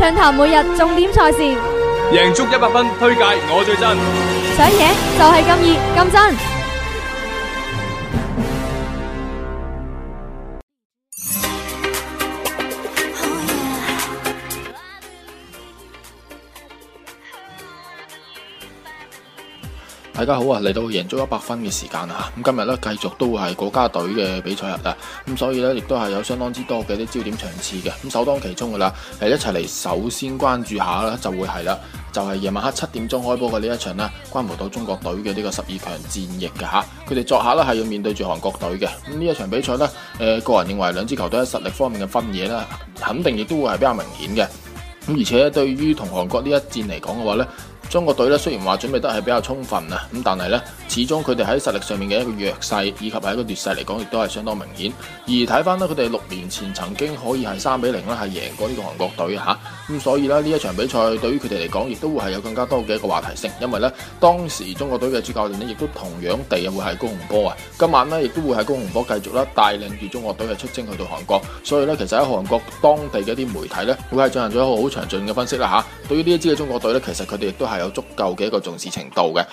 暢談每日重點賽事，贏足一百分，推介我最真，想贏就係咁熱咁真。大家好啊！嚟到贏足一百分嘅時間啊！咁今日咧繼續都會係國家隊嘅比賽日啊！咁所以咧亦都係有相當之多嘅啲焦點場次嘅，咁首當其衝噶啦，係一齊嚟首先關注下啦，就會係啦，就係夜晚黑七點鐘開波嘅呢一場啦，關乎到中國隊嘅呢個十二強戰役嘅嚇，佢哋作客咧係要面對住韓國隊嘅，咁呢一場比賽咧，誒個人認為兩支球隊喺實力方面嘅分野咧，肯定亦都會係比較明顯嘅，咁而且對於同韓國呢一戰嚟講嘅話咧。中國隊咧雖然話準備得係比較充分啊，咁但係咧，始終佢哋喺實力上面嘅一個弱勢，以及係一個劣勢嚟講，亦都係相當明顯。而睇翻咧，佢哋六年前曾經可以係三比零咧，係贏過呢個韓國隊嚇。咁所以咧，呢一場比賽對於佢哋嚟講，亦都會係有更加多嘅一個話題性，因為咧，當時中國隊嘅主教練呢亦都同樣地會係高洪波啊，今晚咧亦都會係高洪波繼續啦，帶領住中國隊嘅出征去到韓國，所以咧其實喺韓國當地嘅一啲媒體咧，會係進行咗一個好詳盡嘅分析啦嚇。對於呢一支嘅中國隊咧，其實佢哋亦都係有足夠嘅一個重視程度嘅。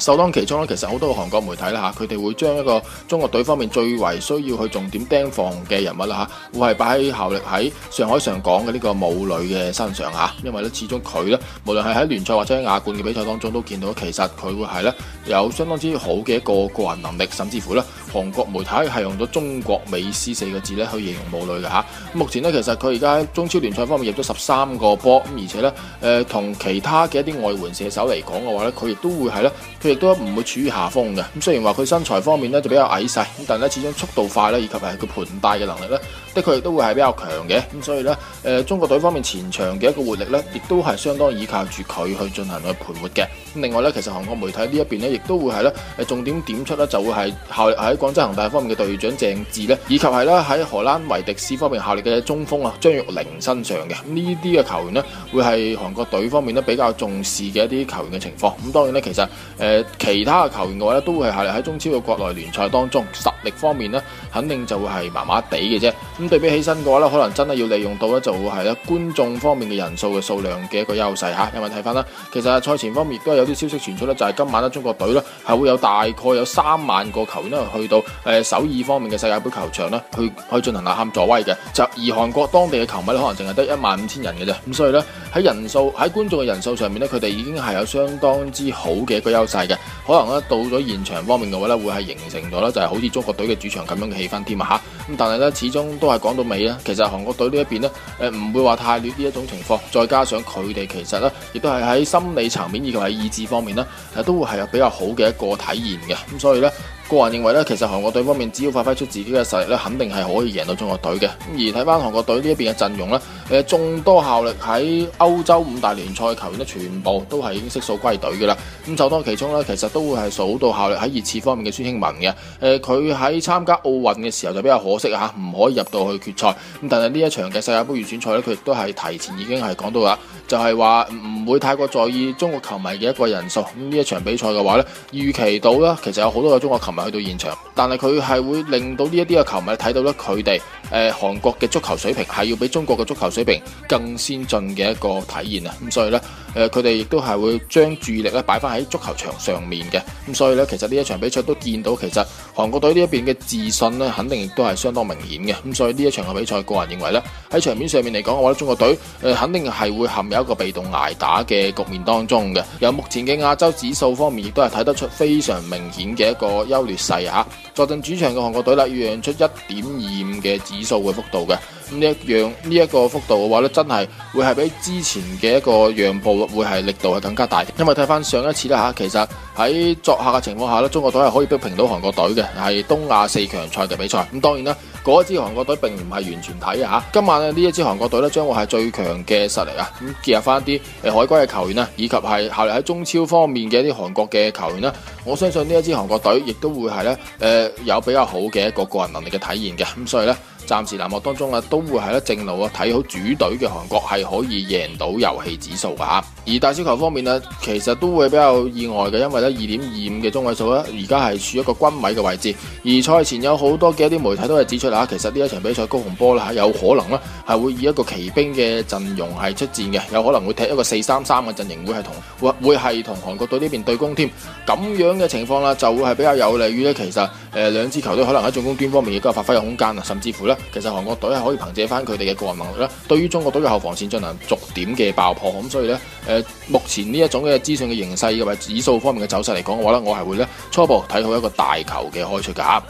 首當其衝啦，其實好多個韓國媒體啦嚇，佢哋會將一個中國隊方面最為需要去重點盯防嘅人物啦嚇，會係擺喺效力喺上海上港嘅呢個武磊嘅身上嚇，因為咧始終佢咧無論係喺聯賽或者喺亞冠嘅比賽當中都見到，其實佢會係咧有相當之好嘅一個個人能力，甚至乎咧韓國媒體係用咗中國美斯四個字咧去形容武磊嘅嚇。目前呢，其實佢而家中超聯賽方面入咗十三個波，而且咧誒同其他嘅一啲外援射手嚟講嘅話咧，佢亦都會係咧。亦都唔會處於下風嘅，咁雖然話佢身材方面咧就比較矮細，咁但係咧始終速度快咧，以及係佢盤帶嘅能力咧。的佢亦都會係比較強嘅咁，所以咧誒、呃、中國隊方面前場嘅一個活力咧，亦都係相當倚靠住佢去進行去盤活嘅。另外咧，其實韓國媒體邊呢一邊咧，亦都會係咧誒重點點出咧，就會係效力喺廣州恒大方面嘅隊長鄭智咧，以及係咧喺荷蘭維迪斯方面效力嘅中鋒啊張玉寧身上嘅。呢啲嘅球員呢，會係韓國隊方面咧比較重視嘅一啲球員嘅情況。咁、嗯、當然咧，其實誒、呃、其他嘅球員嘅話咧，都會係效力喺中超嘅國內聯賽當中，實力方面咧，肯定就會係麻麻地嘅啫。咁對比起身嘅話咧，可能真係要利用到咧，就會係咧觀眾方面嘅人數嘅數量嘅一個優勢嚇，因為睇翻啦，其實啊賽前方面亦都有啲消息傳出咧，就係、係、今晚咧中國隊咧係會有大概有三萬個球員咧去到、呃、首爾方面嘅世界盃球場咧去去進行吶喊助威嘅，就而韓國當地嘅球迷呢，可能淨係得一萬五千人嘅啫，咁所以咧喺人數喺觀眾嘅人數上面咧，佢哋已經係有相當之好嘅一個優勢嘅，可能咧到咗現場方面嘅話咧，會係形成咗咧就係好似中國隊嘅主場咁樣嘅氣氛添啊嚇，咁但係咧始終都。都係講到尾啦，其實韓國隊呢一邊咧，誒唔會話太劣呢一種情況，再加上佢哋其實咧，亦都係喺心理層面以及喺意志方面咧，誒都會係有比較好嘅一個體現嘅，咁所以咧。個人認為咧，其實韓國隊方面只要發揮出自己嘅實力咧，肯定係可以贏到中國隊嘅。咁而睇翻韓國隊呢一邊嘅陣容咧，誒、呃、眾多效力喺歐洲五大聯賽球員咧，全部都係已經悉數歸隊噶啦。咁、嗯、就當其中咧，其實都會係數到效力喺熱刺方面嘅孫興文嘅。誒、呃，佢喺參加奧運嘅時候就比較可惜啊，唔可以入到去決賽。咁但係呢一場嘅世界杯預選賽咧，佢亦都係提前已經係講到啦。就係話唔會太過在意中國球迷嘅一個人數。咁呢一場比賽嘅話咧，預期到啦，其實有好多嘅中國球迷去到現場，但係佢係會令到呢一啲嘅球迷睇到咧，佢哋誒韓國嘅足球水平係要比中國嘅足球水平更先進嘅一個體驗啊！咁所以呢，誒佢哋亦都係會將注意力咧擺翻喺足球場上面嘅。咁所以呢，其實呢一場比賽都見到，其實韓國隊呢一邊嘅自信咧，肯定亦都係相當明顯嘅。咁所以呢一場嘅比賽，個人認為呢喺場面上面嚟講嘅話咧，我覺得中國隊誒肯定係會陷入一個被動挨打嘅局面當中嘅，由目前嘅亞洲指數方面亦都係睇得出非常明顯嘅一個優劣勢吓。坐鎮主場嘅韓國隊啦，讓出一點二五嘅指數嘅幅度嘅，咁呢一樣呢一個幅度嘅話咧，真係會係比之前嘅一個讓步會係力度係更加大，因為睇翻上一次啦吓，其實喺作客嘅情況下咧，中國隊係可以逼平到韓國隊嘅，係東亞四強賽嘅比賽。咁當然啦。嗰一支韓國隊並唔係完全睇啊，今晚呢一支韓國隊呢將會係最強嘅實力啊。咁結合翻啲海歸嘅球員咧，以及係效力喺中超方面嘅一啲韓國嘅球員啦，我相信呢一支韓國隊亦都會係呢，誒、呃、有比較好嘅一個個人能力嘅體現嘅。咁，所以呢，暫時欄目當中啊，都會係咧正路啊，睇好主隊嘅韓國係可以贏到遊戲指數噶嚇。而大小球方面呢，其實都會比較意外嘅，因為呢，二點二五嘅中位數呢，而家係處一個均位嘅位置。而賽前有好多嘅一啲媒體都係指出啦其實呢一場比賽高洪波啦，有可能啦係會以一個奇兵嘅陣容係出戰嘅，有可能會踢一個四三三嘅陣型，會係同會係同韓國隊呢邊對攻添。咁樣嘅情況啦，就會係比較有利於呢。其實誒、呃、兩支球隊可能喺進攻端方面亦都係有發揮嘅空間啊，甚至乎呢，其實韓國隊係可以憑借翻佢哋嘅個人能力咧，對於中國隊嘅後防線進行逐點嘅爆破，咁所以呢。呃目前呢一種嘅資訊嘅形勢，或指數方面嘅走勢嚟講嘅話咧，我係會咧初步睇好一個大球嘅開出噶。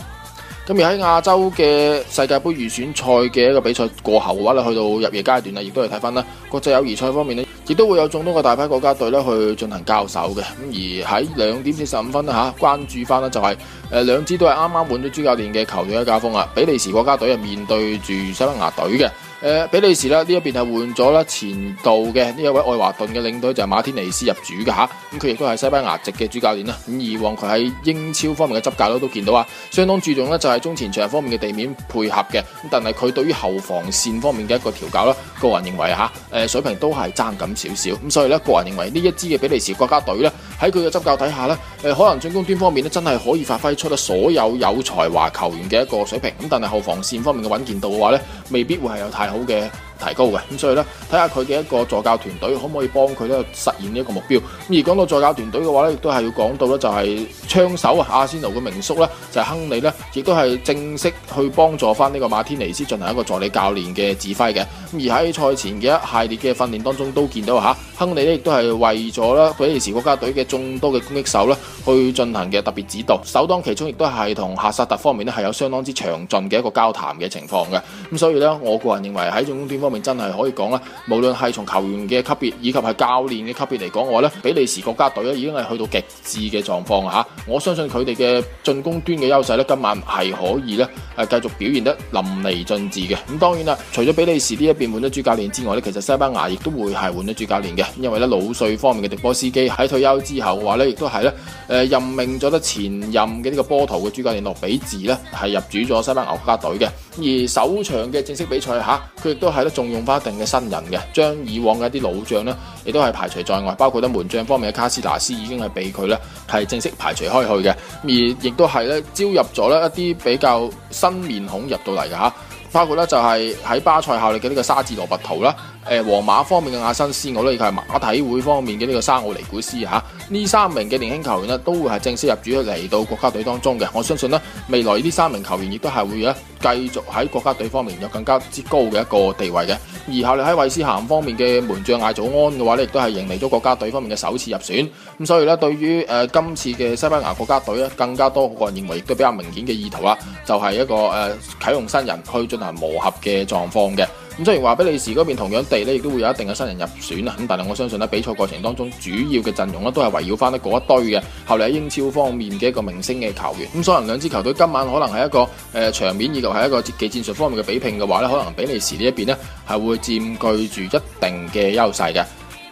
咁而喺亞洲嘅世界杯預選賽嘅一個比賽過後嘅話咧，去到入夜階段啊，亦都嚟睇翻啦。國際友誼賽方面呢，亦都會有眾多嘅大批國家隊呢去進行交手嘅。咁而喺兩點四十五分啦吓，關注翻呢就係、是、誒，兩支都係啱啱換咗主教練嘅球隊嘅交鋒啊，比利時國家隊係面對住西班牙隊嘅。誒，比利時啦，呢一邊係換咗啦，前度嘅呢一位愛華頓嘅領隊就係馬天尼斯入主嘅吓，咁佢亦都係西班牙籍嘅主教練啦。咁以往佢喺英超方面嘅執教都見到啊，相當注重呢就係中前場方面嘅地面配合嘅，咁但係佢對於後防線方面嘅一個調教啦，個人認為吓，誒水平都係爭咁少少。咁所以呢個人認為呢一支嘅比利時國家隊呢喺佢嘅執教底下呢，誒可能進攻端方面呢真係可以發揮出所有有才華球員嘅一個水平，咁但係後防線方面嘅穩健度嘅話咧，未必會係有太好嘅提高嘅，咁所以咧，睇下佢嘅一個助教團隊可唔可以幫佢咧實現呢一個目標。咁而講到助教團隊嘅話咧，亦都係要講到咧，就係槍手啊，阿仙奴嘅名宿咧，就係亨利咧，亦都係正式去幫助翻呢個馬天尼斯進行一個助理教練嘅指揮嘅。咁而喺賽前嘅一系列嘅訓練當中，都見到吓。亨利咧亦都係為咗啦比利時國家隊嘅眾多嘅攻擊手咧，去進行嘅特別指導，首當其衝亦都係同哈薩特方面咧係有相當之詳盡嘅一個交談嘅情況嘅。咁所以咧，我個人認為喺進攻端方面真係可以講啦，無論係從球員嘅級別以及係教練嘅級別嚟講嘅話咧，比利時國家隊咧已經係去到極致嘅狀況嚇。我相信佢哋嘅進攻端嘅優勢咧，今晚係可以咧誒繼續表現得淋漓盡致嘅。咁當然啦，除咗比利時呢一邊換咗主教練之外咧，其實西班牙亦都會係換咗主教練嘅。因為咧老帥方面嘅迪波斯基喺退休之後嘅話咧，亦都係咧誒任命咗咧前任嘅呢個波圖嘅主教練諾比治咧係入主咗西班牙國家隊嘅。而首場嘅正式比賽吓，佢亦都係咧重用翻一定嘅新人嘅，將以往嘅一啲老將咧亦都係排除在外，包括咧門將方面嘅卡斯達斯已經係俾佢咧係正式排除開去嘅。而亦都係咧招入咗咧一啲比較新面孔入到嚟嘅吓，包括咧就係喺巴塞效力嘅呢個沙治羅拔圖啦。誒、呃、皇馬方面嘅亞辛斯，我咧亦係馬體會方面嘅呢個沙奧尼古斯啊，呢三名嘅年輕球員咧都會係正式入主嚟到國家隊當中嘅。我相信呢，未來呢三名球員亦都係會咧繼續喺國家隊方面有更加之高嘅一個地位嘅。而效力喺韋斯咸方面嘅門將艾祖安嘅話咧，亦都係迎嚟咗國家隊方面嘅首次入選。咁、嗯、所以呢，對於誒、呃、今次嘅西班牙國家隊咧，更加多我個人認為亦都比較明顯嘅意圖啊，就係、是、一個誒、呃、啟用新人去進行磨合嘅狀況嘅。咁雖然話比利時嗰邊同樣地咧，亦都會有一定嘅新人入選啊！咁但係我相信咧，比賽過程當中主要嘅陣容咧，都係圍繞翻咧嗰一堆嘅後來喺英超方面嘅一個明星嘅球員。咁所以兩支球隊今晚可能係一個誒場面，以及係一個技戰術方面嘅比拼嘅話咧，可能比利時呢一邊呢係會佔據住一定嘅優勢嘅。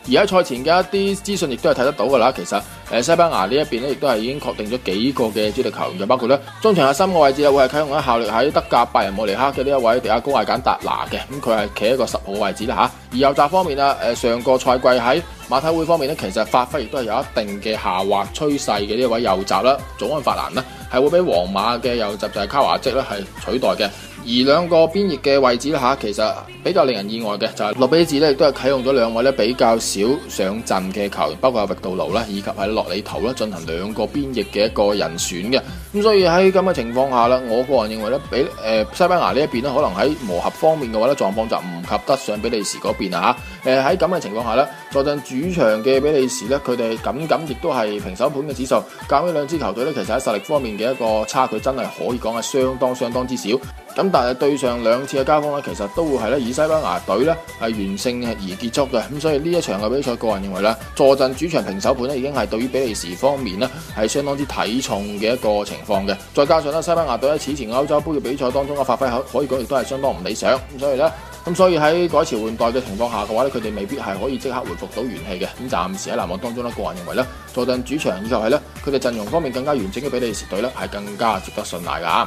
而喺賽前嘅一啲資訊亦都係睇得到㗎啦，其實誒西班牙呢一邊咧，亦都係已經確定咗幾個嘅主力球員，就包括咧中場嘅核心位置，會係啟用一個效力喺德甲拜仁慕尼黑嘅呢一位迪亞高艾簡達拿嘅，咁佢係企喺個十號位置啦嚇。而右閘方面啊，誒上個賽季喺馬體會方面咧，其實發揮亦都係有一定嘅下滑趨勢嘅呢位右閘啦，祖安法蘭啦，係會俾皇馬嘅右閘就係卡華積啦係取代嘅。而兩個邊翼嘅位置咧嚇，其實比較令人意外嘅就係洛比治。呢亦都係啟用咗兩位咧比較少上陣嘅球員，包括係麥道勞咧，以及係洛里頭啦，進行兩個邊翼嘅一個人選嘅。咁所以喺咁嘅情況下呢，我個人認為呢，比誒西班牙呢一邊咧，可能喺磨合方面嘅話咧，狀況就唔及得上比利時嗰邊啊嚇。誒喺咁嘅情況下呢，坐陣主場嘅比利時呢，佢哋緊緊亦都係平手盤嘅指數。咁呢兩支球隊呢，其實喺實力方面嘅一個差距真係可以講係相當相當之少。咁但係對上兩次嘅交鋒呢其實都會係咧以西班牙隊呢係完勝而結束嘅。咁所以呢一場嘅比賽，個人認為呢坐鎮主場平手盤呢已經係對於比利時方面呢係相當之體重嘅一個情況嘅。再加上呢西班牙隊喺此前歐洲杯嘅比賽當中嘅發揮可可以講亦都係相當唔理想。咁所以呢咁所以喺改朝換代嘅情況下嘅話呢佢哋未必係可以即刻回復到元氣嘅。咁暫時喺籃網當中呢個人認為呢坐鎮主場以及係呢佢哋陣容方面更加完整嘅比利時隊呢係更加值得信賴㗎。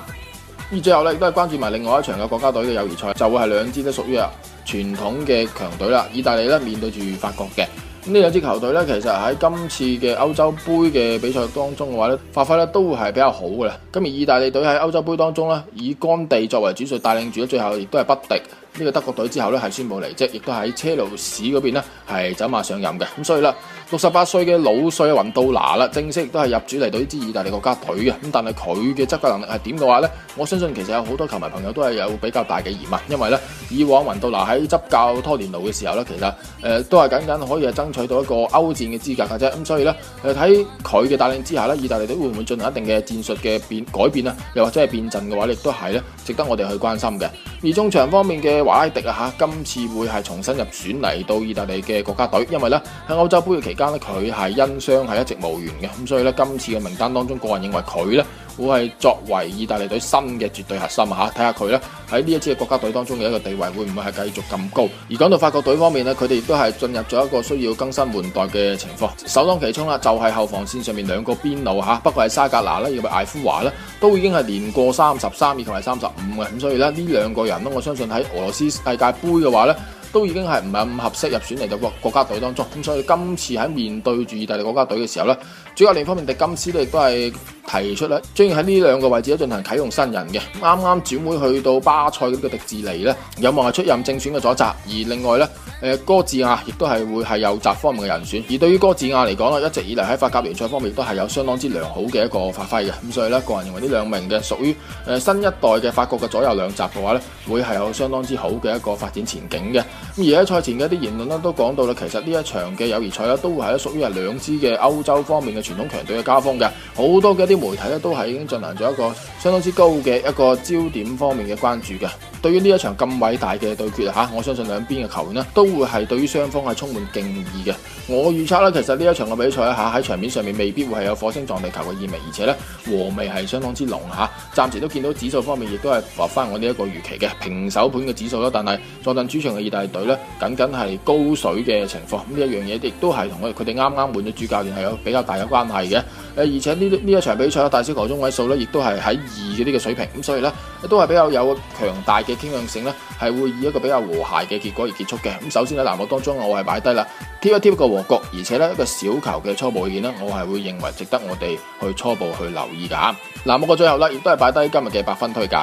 而最後咧，亦都係關注埋另外一場嘅國家隊嘅友誼賽，就會、是、係兩支都屬於啊傳統嘅強隊啦。意大利咧面對住法國嘅，咁呢兩支球隊咧，其實喺今次嘅歐洲杯嘅比賽當中嘅話咧，發揮咧都係比較好噶啦。今日意大利隊喺歐洲杯當中咧，以乾地作為主帥帶領住咧，最後亦都係不敵。呢個德國隊之後咧係宣布離職，亦都喺車路士嗰邊咧係走馬上任嘅。咁所以啦，六十八歲嘅老帥雲杜拿啦，正式都係入主嚟到呢支意大利國家隊嘅。咁但係佢嘅執教能力係點嘅話呢？我相信其實有好多球迷朋友都係有比較大嘅疑問，因為呢，以往雲杜拿喺執教托連奴嘅時候呢，其實誒、呃、都係僅僅可以係爭取到一個歐戰嘅資格㗎啫。咁所以呢，誒睇佢嘅帶領之下呢，意大利隊會唔會進行一定嘅戰術嘅變改變啊？又或者係變陣嘅話，亦都係呢，值得我哋去關心嘅。而中場方面嘅。瓦埃迪今次會係重新入選嚟到意大利嘅國家隊，因為喺歐洲杯嘅期間，佢係因傷係一直無緣嘅，咁所以今次嘅名單當中，個人認為佢會係作為意大利隊新嘅絕對核心吓，睇下佢咧喺呢一支嘅國家隊當中嘅一個地位，會唔會係繼續咁高？而講到法國隊方面呢，佢哋亦都係進入咗一個需要更新換代嘅情況，首當其衝啦，就係、是、後防線上面兩個邊路吓，不過係沙格拿啦，以及艾夫華啦，都已經係年過三十三，以及係三十五嘅，咁所以呢，呢兩個人我相信喺俄羅斯世界盃嘅話呢，都已經係唔係咁合適入選嚟到國國家隊當中，咁所以今次喺面對住意大利國家隊嘅時候呢。主教練方面，迪金斯咧亦都係提出咧，將要喺呢兩個位置咧進行啟用新人嘅。啱啱轉會去到巴塞嘅一個迪士尼咧，有望係出任正選嘅左閘。而另外咧，誒哥治亞亦都係會係右閘方面嘅人選。而對於哥治亞嚟講咧，一直以嚟喺法甲聯賽方面都係有相當之良好嘅一個發揮嘅。咁所以咧，個人認為呢兩名嘅屬於誒新一代嘅法國嘅左右兩閘嘅話咧，會係有相當之好嘅一個發展前景嘅。而喺賽前嘅一啲言論咧，都講到喇，其實呢一場嘅友誼賽咧，都係咧屬於係兩支嘅歐洲方面嘅傳統強隊嘅交鋒嘅，好多嘅一啲媒體咧，都係已經進行咗一個相當之高嘅一個焦點方面嘅關注嘅。對於呢一場咁偉大嘅對決啊，嚇！我相信兩邊嘅球員咧，都會係對於雙方係充滿敬意嘅。我預測呢，其實呢一場嘅比賽啊，嚇，喺場面上面未必會係有火星撞地球嘅意味，而且呢和味係相當之濃嚇。暫時都見到指數方面亦都係符合翻我呢一個預期嘅平手盤嘅指數咯。但係坐鎮主場嘅意大利隊咧，僅僅係高水嘅情況，呢一樣嘢亦都係同佢哋啱啱換咗主教練係有比較大嘅關係嘅。而且呢呢一場比賽大小球中位數呢亦都係喺二嗰啲嘅水平，咁所以呢都係比較有強大，嘅傾向性咧，係會以一個比較和諧嘅結果而結束嘅。咁首先喺欄目當中我是，我係擺低啦，挑一挑個和局，而且咧一個小球嘅初步意見啦，我係會認為值得我哋去初步去留意噶。欄目嘅最後啦，亦都係擺低今日嘅百分推介。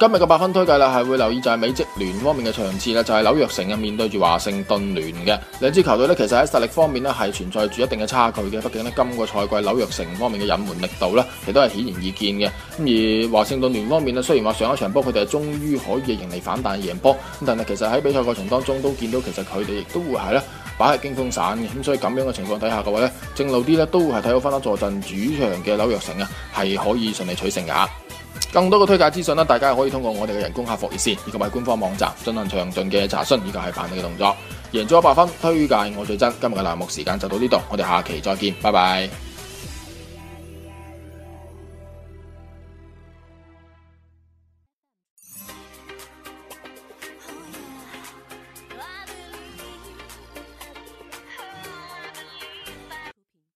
今日嘅百分推介啦，係會留意就係美職聯方面嘅場次啦，就係紐約城啊面對住華盛頓聯嘅兩支球隊呢，其實喺實力方面咧係存在住一定嘅差距嘅。畢竟咧今個賽季紐約城方面嘅隱瞞力度呢，亦都係顯而易見嘅。咁而華盛頓聯方面呢，雖然話上一場波佢哋係終於可以迎嚟反彈贏波，咁但係其實喺比賽過程當中都見到，其實佢哋亦都會係咧擺喺驚風散嘅。咁所以咁樣嘅情況底下各位呢，正路啲呢，都會係睇好翻啦，坐鎮主場嘅紐約城啊係可以順利取勝噶。更多嘅推介資訊咧，大家可以通過我哋嘅人工客服熱線，以及喺官方網站進行詳盡嘅查詢，以及係辦理嘅動作。贏足 100FUN，推介我最真。今日嘅欄目時間就到呢度，我哋下期再見，拜拜。